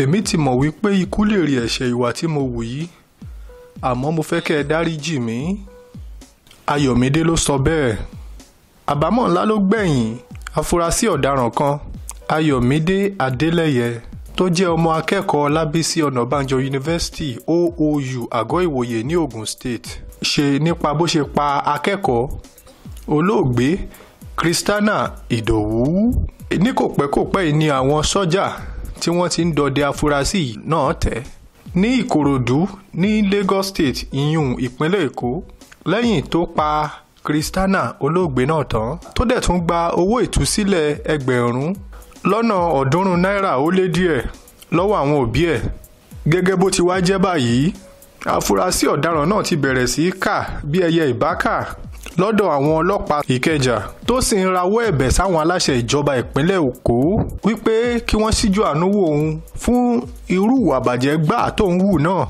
èmi ti mọ̀ wípé ikú lè rí ẹ̀ṣẹ̀ ìwà tí mo wù yìí àmọ́ mo fẹ́ kẹ́ ẹ dáríjì mí Ayọ̀mídé ló sọ bẹ́ẹ̀ àbámọ̀ ńlá ló gbẹ̀yìn afurasí ọ̀daràn kan Ayọ̀mídé Adélẹ́yẹ tó jẹ́ ọmọ akẹ́kọ̀ọ́ Lábísí Ọ̀nàbànjọ University OOU Àgọ́ Ìwòye ní Ogun State ṣe nípa bó ṣe pa akẹ́kọ̀ọ́ olóògbé Christiana Ìdòwú ní kò pẹ́ kò pẹ́ yìí ni àwọn sọ́jà tí wọ́n ti ń dọdẹ afurasí náà tẹ̀. ní ìkòròdú ní lagos state ìyún ìpínlẹ̀ èkó lẹ́yìn tó pa Kristana olóògbé náà tán tó dẹ̀ tún gba owó ìtúsílẹ̀ ẹgbẹ̀rún lọ́nà ọ̀ọ́dúnrún náírà ó lé díẹ̀ lọ́wọ́ àwọn òbí ẹ̀ gẹ́gẹ́ bó ti wá jẹ́ báyìí afurasí ọ̀daràn náà ti bẹ̀rẹ̀ sí í kà bí ẹyẹ ìbákà lọ́dọ̀ àwọn ọlọ́pàá ìkẹjà tó sì ń rawọ́ ẹ̀bẹ̀ sáwọn aláṣẹ ìjọba ìpínlẹ̀ Èkó wípé kí wọ́n síjú àánú wò òun fún irú ìwà bàjẹ́ gbáà tó ń wù náà.